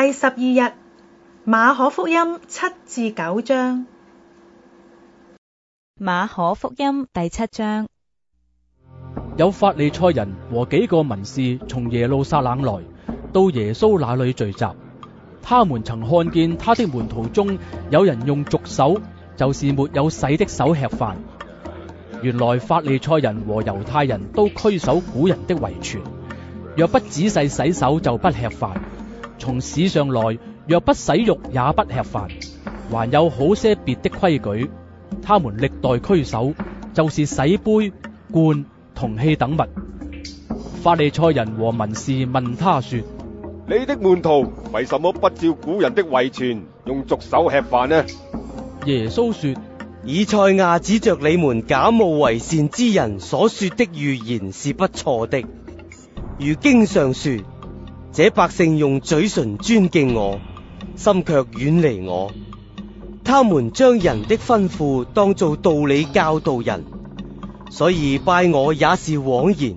第十二日，馬可福音七至九章。馬可福音第七章，有法利賽人和幾個文士從耶路撒冷來，到耶穌那裏聚集。他們曾看見他的門徒中有人用俗手，就是沒有洗的手吃飯。原來法利賽人和猶太人都拘守古人的遺傳，若不仔細洗手，就不吃飯。從市上來，若不洗浴，也不吃飯，還有好些別的規矩。他們歷代拘守，就是洗杯、罐、銅器等物。法利賽人和文士問他說，你的門徒為什麼不照古人的遺傳，用俗手吃飯呢？耶穌說，以賽亞指着你們假冒為善之人所說的預言是不錯的，如經上說。這百姓用嘴唇尊敬我，心卻遠離我。他們將人的吩咐當做道理教導人，所以拜我也是枉然。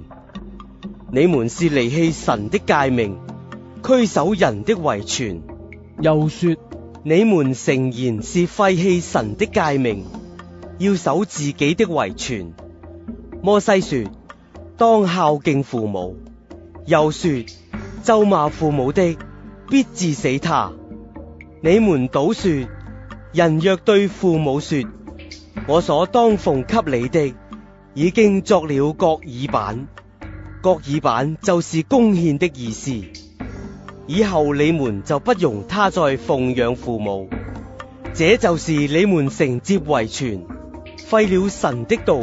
你們是離棄神的誡命，拘守人的遺傳。又說，你們誠然是廢棄神的誡命，要守自己的遺傳。摩西說，當孝敬父母。又說，咒罵 父母的，必治死他。你們倒說：人若對父母說，我所當奉給你的，已經作了國耳版，國耳版就是貢獻的意思。以後你們就不容他再奉養父母。這就是你們承接遺傳，廢了神的道。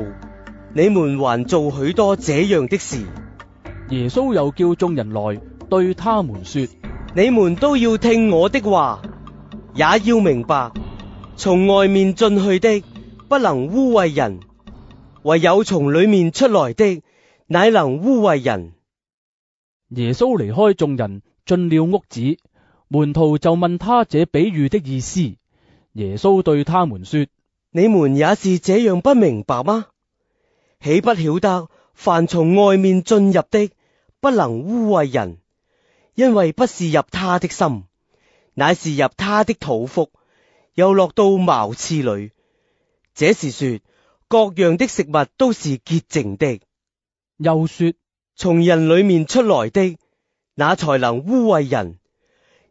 你們還做許多這樣的事。耶穌又叫眾人來。對他們說：你們都要聽我的話，也要明白，從外面進去的不能污穢人，唯有從裏面出來的乃能污穢人。耶穌離開眾人，進了屋子，門徒就問他這比喻的意思。耶穌對他們說：你們也是這樣不明白嗎？豈不曉得凡從外面進入的不能污穢人？因為不是入他的心，乃是入他的肚腹，又落到茅廁裏。這是說各樣的食物都是潔淨的。又說從人裏面出來的，那才能污穢人，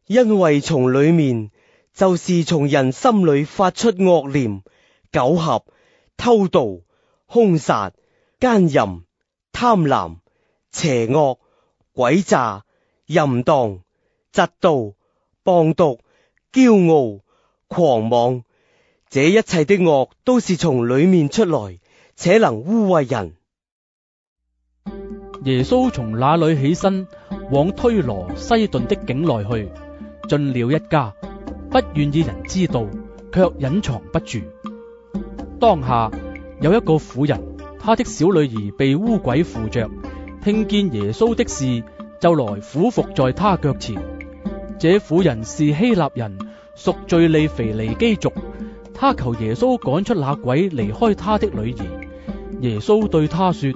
因為從裏面就是從人心裏發出惡念、苟合、偷盜、兇殺、姦淫、貪婪、邪，邪惡、詭詐。淫蕩、嫉妒、謗讟、驕傲、狂妄，這一切的惡都是從裏面出來，且能污穢人。耶穌從那裏起身，往推羅西頓的境內去，進了一家，不願意人知道，却隱藏不住。當下有一個婦人，她的小女兒被污鬼附着，聽見耶穌的事。就來俯伏在他腳前。這婦人是希臘人，屬敘利腓尼基族。他求耶穌趕出那鬼，離開他的女兒。耶穌對他說：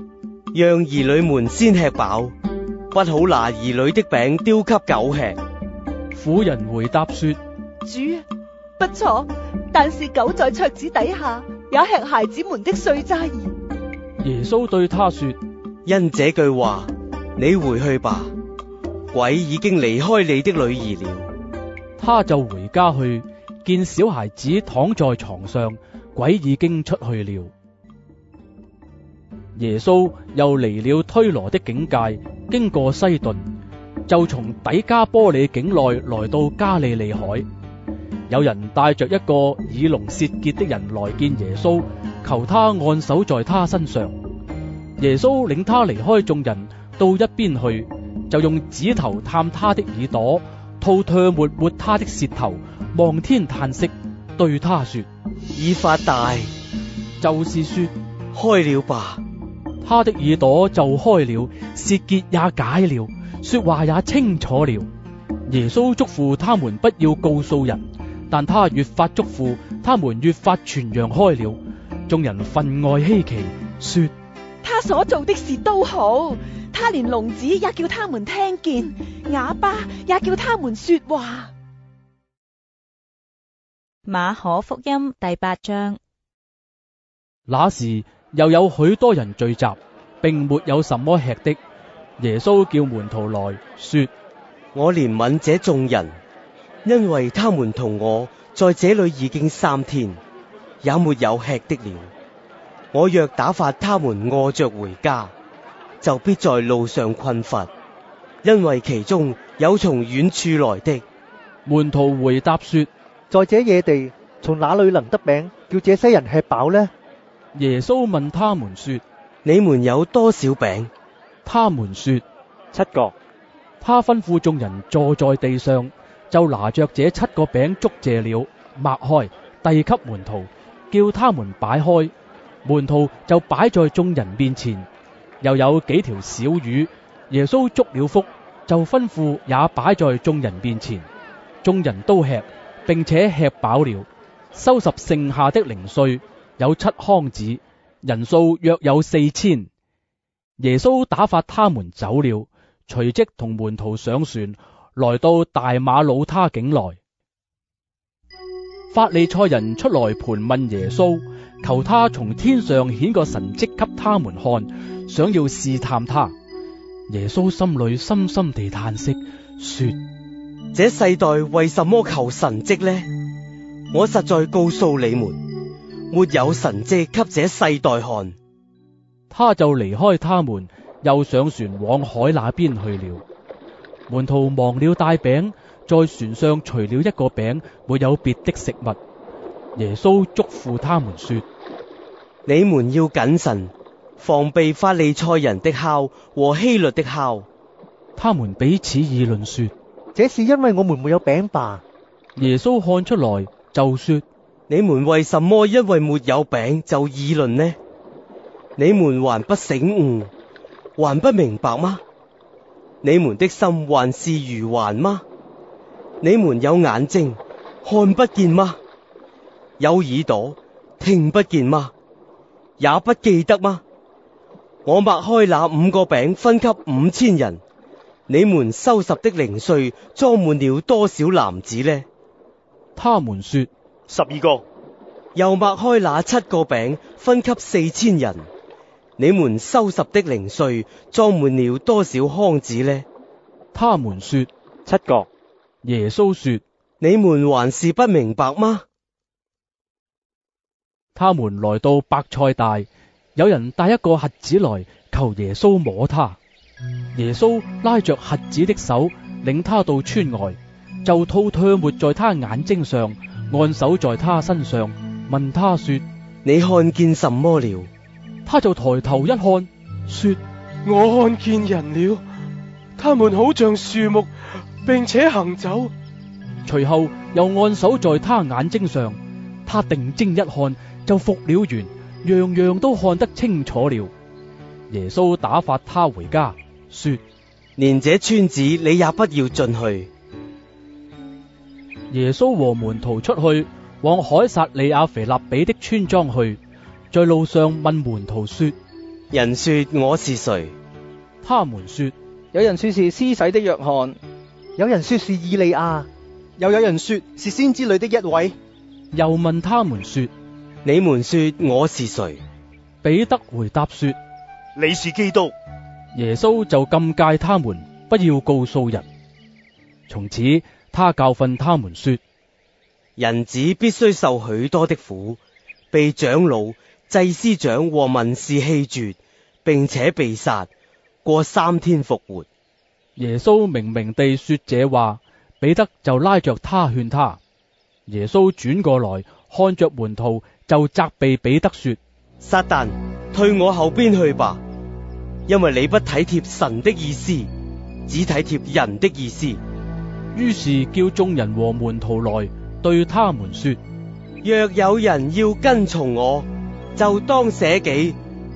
讓兒女們先吃飽，不好拿兒女的餅丟給狗吃。婦人回答說：主，不錯，但是狗在桌子底下也吃孩子們的碎渣兒。耶穌對他說：因這句話。你回去吧，鬼已經離開你的女兒了。他就回家去，見小孩子躺在床上，鬼已經出去了。耶穌又離了推羅的境界，經過西頓，就從底加波利境內來到加利利海。有人帶着一個耳聾舌結的人來見耶穌，求他按手在他身上。耶穌領他離開眾人。到一邊去，就用指頭探他的耳朵，吐唾沫抹他的舌頭，望天嘆息，對他說：以法大，就是說開了吧。他的耳朵就開了，舌結也解了，說話也清楚了。耶穌囑咐他們不要告訴人，但他越發囑咐，他們越發傳揚開了。眾人分外稀奇，說。他所做的事都好，他連聾子也叫他們聽見，啞巴也叫他們說話。馬可福音第八章。那時又有許多人聚集，並沒有什麼吃的。耶穌叫門徒來說：我憐憫這眾人，因為他們同我在這裏已經三天，也沒有吃的了。我若打發他們餓着回家，就必在路上困乏，因為其中有從遠處來的。門徒回答說：在這野地，從哪裏能得餅，叫這些人吃飽呢？耶穌問他們說：你們有多少餅？他們說：七個。他吩咐眾人坐在地上，就拿着這七個餅祝謝了，擘開，遞給門徒，叫他們擺開。門徒就擺在眾人面前，又有幾條小魚，耶穌祝了福就吩咐也擺在眾人面前，眾人都吃，並且吃飽了，收拾剩下的零碎有七筐子，人數約有四千。耶穌打發他們走了，隨即同門徒上船，來到大馬魯他境內。法利賽人出來盤問耶穌，求他從天上顯個神蹟給他們看，想要試探他。耶穌心裡深深地嘆息，說：這世代為什麼求神蹟呢？我實在告訴你們，沒有神蹟給這世代看。他就離開他們，又上船往海那邊去了。門徒忘了帶餅。在船上除了一個餅，沒有別的食物。耶穌囑咐他們說：你們要謹慎，防備法利賽人的酵和希律的酵。他們彼此議論說：這是因為我們沒有餅吧？耶穌看出來，就說：你們為什麼因為沒有餅就議論呢？你們還不醒悟，還不明白嗎？你們的心還是愚頑嗎？你們有眼睛看不見嗎？有耳朵聽不見嗎？也不記得嗎？我擘開那五個餅分給五千人，你們收拾的零碎裝滿了多少籃子呢？他們說十二個。又擘開那七個餅分給四千人，你們收拾的零碎裝滿了多少筐子呢？他們說七個。耶穌說：你們還是不明白嗎？他們來到伯賽大，有人帶一個瞎子來求耶穌摸他。耶穌拉着瞎子的手，領他到村外，就吐唾沫在他眼睛上，按手在他身上，問他說：你看見什麼了？他就抬頭一看，說：我看見人了，他們好像樹木。並且行走，隨後又按手在他眼睛上。他定睛一看，就復了原，樣樣都看得清楚了。耶穌打發他回家，說：連這村子你也不要進去。耶穌和門徒出去，往凱撒利亞腓立比的村莊去。在路上問門徒說：人說我是誰？他們說：有人說是施洗的約翰。有人說是以利亞，又有人說是先知裏的一位。又問他們說：你們說我是誰？彼得回答說：你是基督。耶穌就禁戒他們不要告訴人。從此他教訓他們說：人子必須受許多的苦，被長老、祭司長和文士棄絕，並且被殺，過三天復活。耶穌明明地說這話，彼得就拉着他勸他。耶穌轉過來，看着門徒，就責備彼得說：撒旦，退我後邊去吧，因為你不體貼神的意思，只體貼人的意思。於是叫眾人和門徒來，對他們說：若有人要跟從我，就當捨己，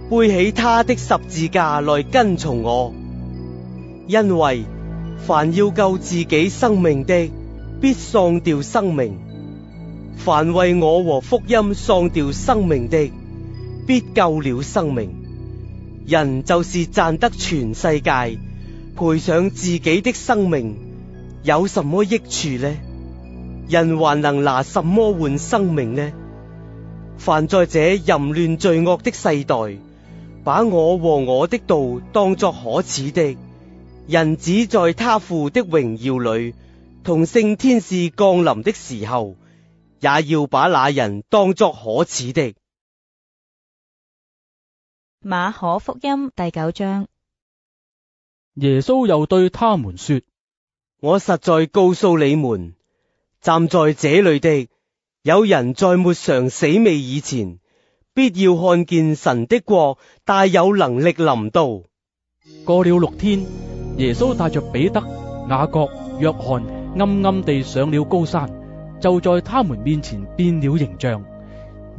背起他的十字架來跟從我。因為凡要救自己生命的，必喪掉生命；凡為我和福音喪掉生命的，必救了生命。人就是賺得全世界，賠上自己的生命，有什麼益處呢？人還能拿什麼換生命呢？凡在這淫亂罪惡的世代，把我和我的道當作可恥的。人子在他父的榮耀裏同聖天使降臨的時候，也要把那人當作可恥的。馬可福音第九章。耶穌又對他們說：我實在告訴你們，站在這裏的有人在沒嘗死味以前，必要看見神的國大有能力臨到。過了六天。耶穌帶着彼得、雅各、約翰，暗暗地上了高山，就在他們面前變了形象，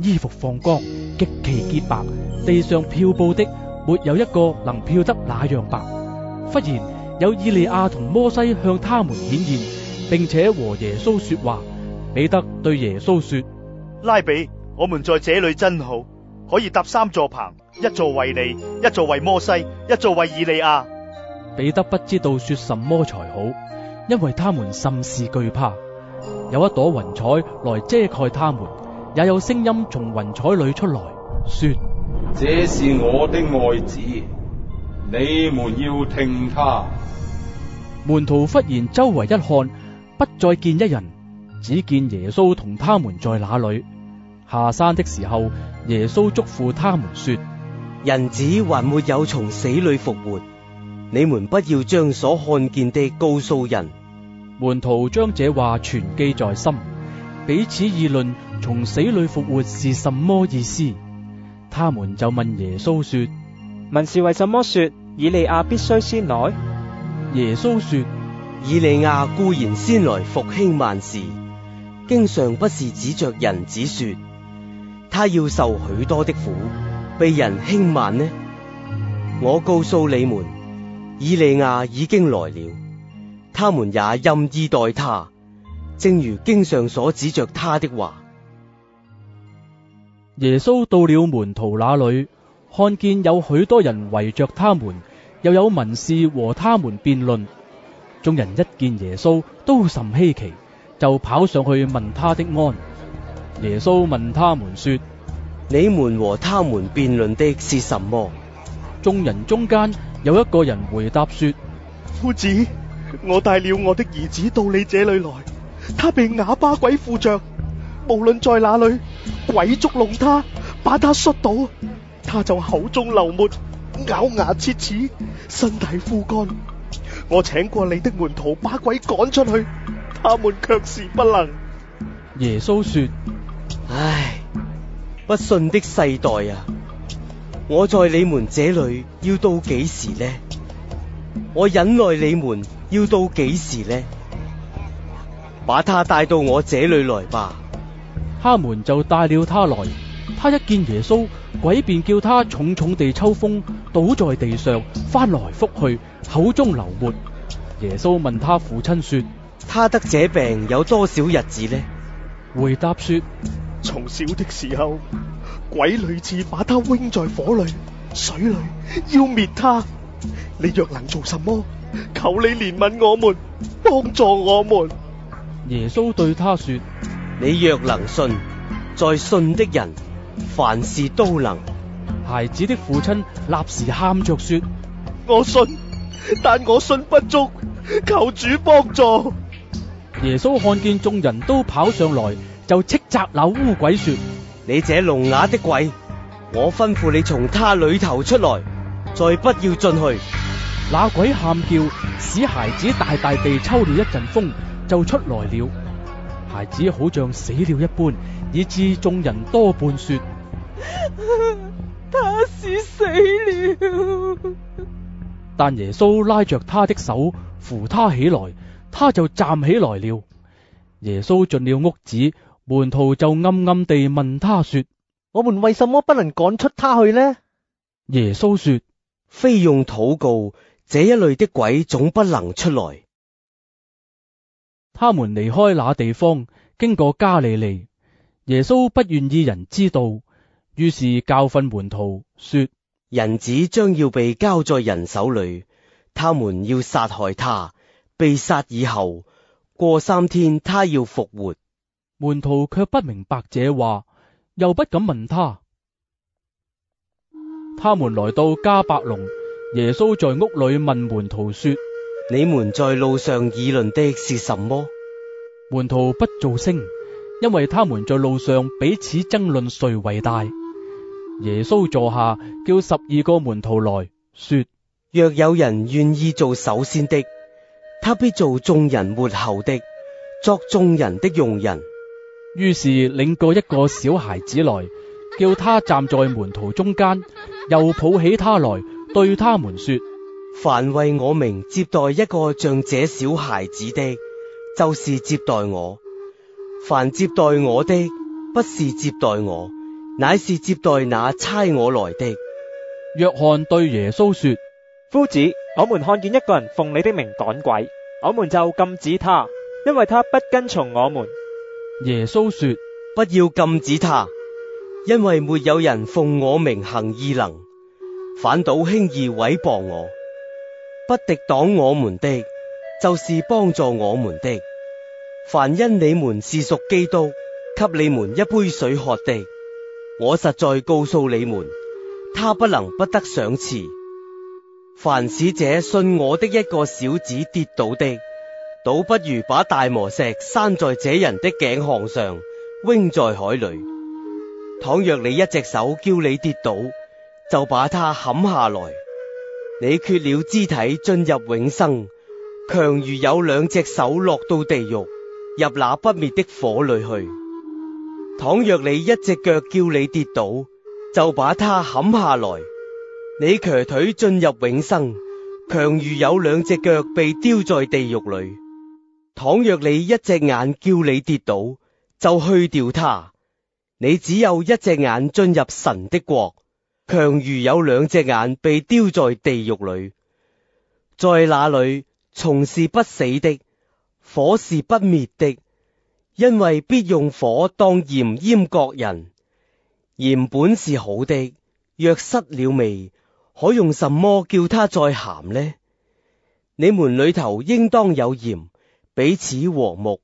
衣服放光，極其潔白，地上漂布的沒有一個能漂得那樣白。忽然有以利亞同摩西向他們顯現，並且和耶穌說話。彼得對耶穌說：拉比，我們在這裏真好，可以搭三座棚，一座為你，一座為摩西，一座為以利亞。彼得不知道說什麼才好，因為他們甚是懼怕。有一朵雲彩來遮蓋他們，也有聲音從雲彩裏出來說：這是我的愛子，你們要聽他。門徒忽然周圍一看，不再見一人，只見耶穌同他們在那裏。下山的時候，耶穌囑咐他們說：人子還沒有從死裏復活。你們不要將所看見的告訴人。門徒將這話存記在心，彼此議論：從死裏復活是什麼意思？他們就問耶穌說：文士為什麼說以利亞必須先來？耶穌說：以利亞固然先來復興萬事，經常不是指着人子說，他要受許多的苦，被人輕慢呢。我告訴你們。以利亞已經來了，他們也任意待他，正如經上所指着他的話。耶穌到了門徒那裏，看見有許多人圍着他們，又有文士和他們辯論。眾人一見耶穌，都甚稀奇，就跑上去問他的安。耶穌問他們說：你們和他們辯論的是什麼？眾人中間。有一個人回答說：夫子，我帶了我的兒子到你這裏來，他被啞巴鬼附着，無論在哪裏，鬼捉弄他，把他摔倒，他就口中流沫，咬牙切齒，身體枯乾。我請過你的門徒把鬼趕出去，他們卻是不能。耶穌說：唉，不信的世代啊！我在你們這裏要到幾時呢？我忍耐你們要到幾時呢？把他帶到我這裏來吧。他們就帶了他來，他一見耶穌，鬼便叫他重重地抽風，倒在地上，翻來覆去，口中流沫。耶穌問他父親說：他得這病有多少日子呢？回答說：從小的時候。鬼屢次把他扔在火裏、水裏，要滅他。你若能做什麼，求你憐憫我們，幫助我們。耶穌對他說：你若能信，在信的人凡事都能。孩子的父親立時喊着說：我信，但我信不足，求主幫助。耶穌看見眾人都跑上來，就斥責那污鬼說。你這聾啞的鬼，我吩咐你從他裏頭出來，再不要進去。那鬼喊叫，使孩子大大地抽了一陣風，就出來了。孩子好像死了一般，以致眾人多半說 他是死了。但耶穌拉着他的手扶他起來，他就站起來了。耶穌進了屋子。門徒就暗暗地問他說：我們為什麼不能趕出他去呢？耶穌說：非用禱告，這一類的鬼總不能出來。他們離開那地方，經過加利利。耶穌不願意人知道，於是教訓門徒說：人子將要被交在人手裏，他們要殺害他，被殺以後，過三天他要復活。門徒卻不明白這話，又不敢問他。他們來到迦百農，耶穌在屋裏問門徒說：你們在路上議論的是什麼？門徒不做聲，因為他們在路上彼此爭論誰為大。耶穌坐下，叫十二個門徒來說：若有人願意做首先的，他必做眾人末後的，作眾人的用人。於是領過一個小孩子來，叫他站在門徒中間，又抱起他來，對他們說：凡為我名接待一個像這小孩子的，就是接待我；凡接待我的，不是接待我，乃是接待那差我來的。約翰對耶穌說：夫子，我們看見一個人奉你的名趕鬼，我們就禁止他，因為他不跟從我們。耶穌說：不要禁止他，因為沒有人奉我名行異能，反倒輕易毀謗我。不敵擋我們的，就是幫助我們的。凡因你們是屬基督，給你們一杯水喝的，我實在告訴你們，他不能不得賞賜。凡使者信我的一個小子跌倒的，倒不如把大磨石拴在這人的頸項上，扔在海裏。倘若你一隻手叫你跌倒，就把它砍下來，你缺了肢體進入永生，強如有兩隻手落到地獄，入那不滅的火裏去。倘若你一隻腳叫你跌倒，就把它砍下來，你瘸腿進入永生，強如有兩隻腳被丟在地獄裏。倘若你一隻眼叫你跌倒，就去掉它。你只有一隻眼進入神的國，強如有兩隻眼被丟在地獄裏，在那裏，蟲是不死的，火是不滅的。因為必用火當鹽醃各人，鹽本是好的，若失了味，可用什麼叫它再鹹呢？你們裏頭應當有鹽。彼此和睦。